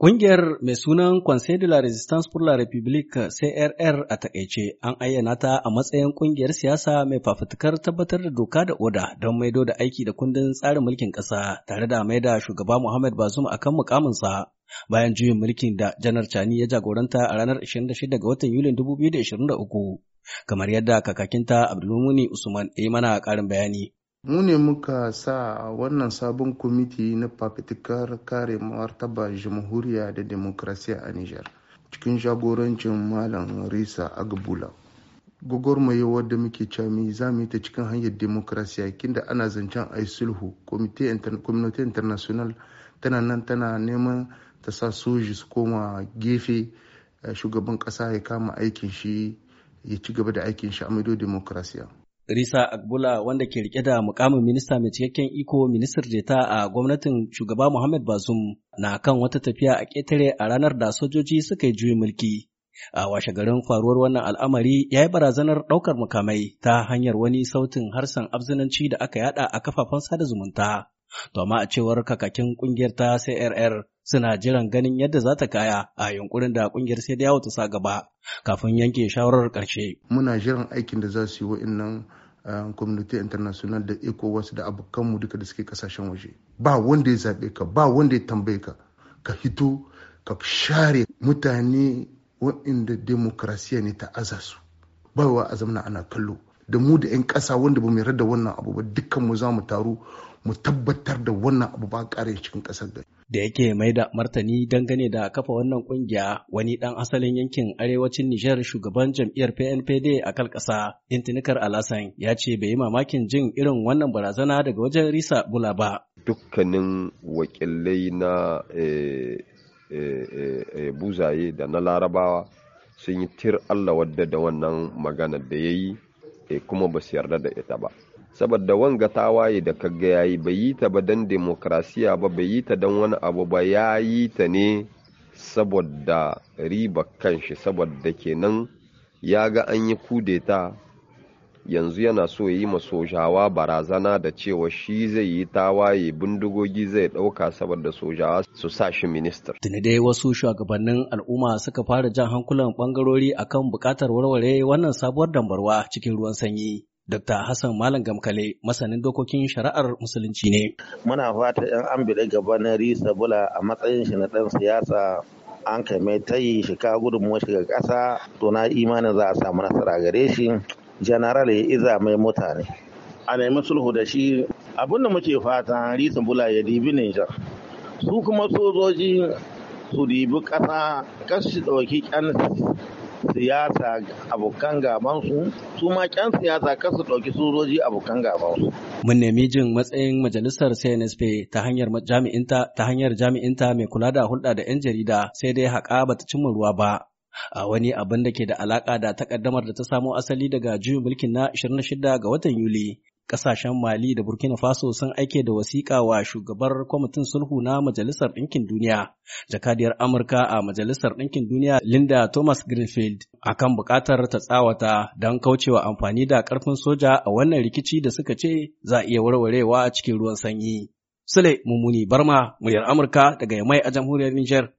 Ƙungiyar mai sunan Conseil de la Resistance pour la République CRR a takaice an ayyana ta a matsayin ƙungiyar siyasa mai fafutukar tabbatar da doka da oda don maido da aiki da kundin tsarin mulkin ƙasa tare da maida shugaba Muhammad Bazoum kan mukaminsa bayan juyin mulkin da Janar Chani ya jagoranta a ranar 26 ga watan Yulin 2023 kamar yadda kakakinta Abdulmuni Usman ya mana ƙarin bayani. Mu ne muka sa wannan sabon kwamiti na fafitikar kare martaba jamhuriya da demokrasiya a Nijar cikin jagorancin Malam Risa Agbula. gwagwarmaye da muke cami za mu yi ta cikin hanyar demokrasiya kinda ana zancen a sulhu community international tana nan tana neman ta sa soji su koma gefe eh, shugaban kasa ya kama aikin shi ya ci gaba da aikin shi a maido demokrasiya Risa Agbula wanda ke rike da mukamin minista mai cikakken iko ministar jeta a gwamnatin shugaba Muhammad Bazum na kan wata tafiya a ƙetare a ranar da sojoji suka yi juyin mulki. A washe garin faruwar wannan al'amari ya yi barazanar ɗaukar mukamai ta hanyar wani sautin harsan abzinanci da aka yada a kafafen sada zumunta. To a cewar kakakin kungiyar ta CRR suna jiran ganin yadda za ta kaya a yunkurin da kungiyar sai yawo ta sa gaba kafin yanke shawarar karshe. Muna jiran aikin da za su yi wa'innan eh, community international da ECOWAS da abokanmu duka da suke kasashen waje. Ba wanda ya zaɓe ka, ba wanda ya tambaye ka, ka hito, ka share mutane wa'inda demokrasiya ne ta aza su. Ba wa a ana kallo. da mu da 'yan ƙasa wanda ba mu yarda da wannan abu ba dukkan mu za mu taru mu tabbatar da wannan abu ba ƙare cikin ƙasar da. Da yake mai da martani dangane da kafa wannan kungiya wani ɗan asalin yankin arewacin Nijar shugaban jam'iyyar PNPD a kalkasa ƙasa Intinikar Alasan ya ce bai yi mamakin jin irin wannan barazana daga wajen Risa Bula ba. Dukkanin wakilai na eh, eh, eh, buzaye da na larabawa sun yi tir Allah wadda da wannan maganar da ya yi e kuma ba su yarda da ita ba saboda wanga ta waye da kaga yayi bai yi ta ba dan demokrasiya ba bai yi ta dan wani abu ba ya yi ta ne saboda riba kanshi saboda kenan ya ga an yi kudeta yanzu yana so ya yi ma sojawa barazana da cewa shi zai yi tawaye bindigogi zai ɗauka saboda sojawa su sa shi ministar. Tuni dai wasu shugabannin al'umma suka fara jan hankulan ɓangarori akan buƙatar warware wannan sabuwar dambarwa cikin ruwan sanyi. Dr. Hassan Malam Gamkale masanin dokokin shari'ar musulunci ne. Muna fata 'yan an biɗe gaba na Risa Bula a matsayin shi na ɗan siyasa an kai mai tayi shi ka gudunmuwa shiga ƙasa to na imanin za a samu nasara gare shi general ya iza mai mutane a nemi sulhu da shi abinda muke fata risin bula ya dibi Nijar su kuma sojoji su dibi ƙasa kashi ɗauki ƙyan siyasa abokan gabansu su ma ƙyan siyasa kar su ɗauki sojoji abokan gabansu. Mun nemi jin matsayin majalisar CNSP ta hanyar jami'inta ta hanyar jami'inta mai kula da hulɗa da 'yan jarida sai dai haƙa bata cimma ruwa ba. a wani abin da ke da alaka da takaddamar da ta samo asali daga juyin mulkin na 26 ga watan Yuli. Kasashen Mali da Burkina Faso sun aike da wasiƙa wa shugabar kwamitin sulhu na Majalisar Ɗinkin Duniya, jakadiyar Amurka a Majalisar Ɗinkin Duniya Linda Thomas Greenfield a kan buƙatar ta tsawata don kaucewa amfani da ƙarfin soja a wannan rikici da suka ce za iya warwarewa cikin ruwan sanyi. Sule Mummuni Barma, muryar Amurka daga Yamai a jamhuriyar Nijar.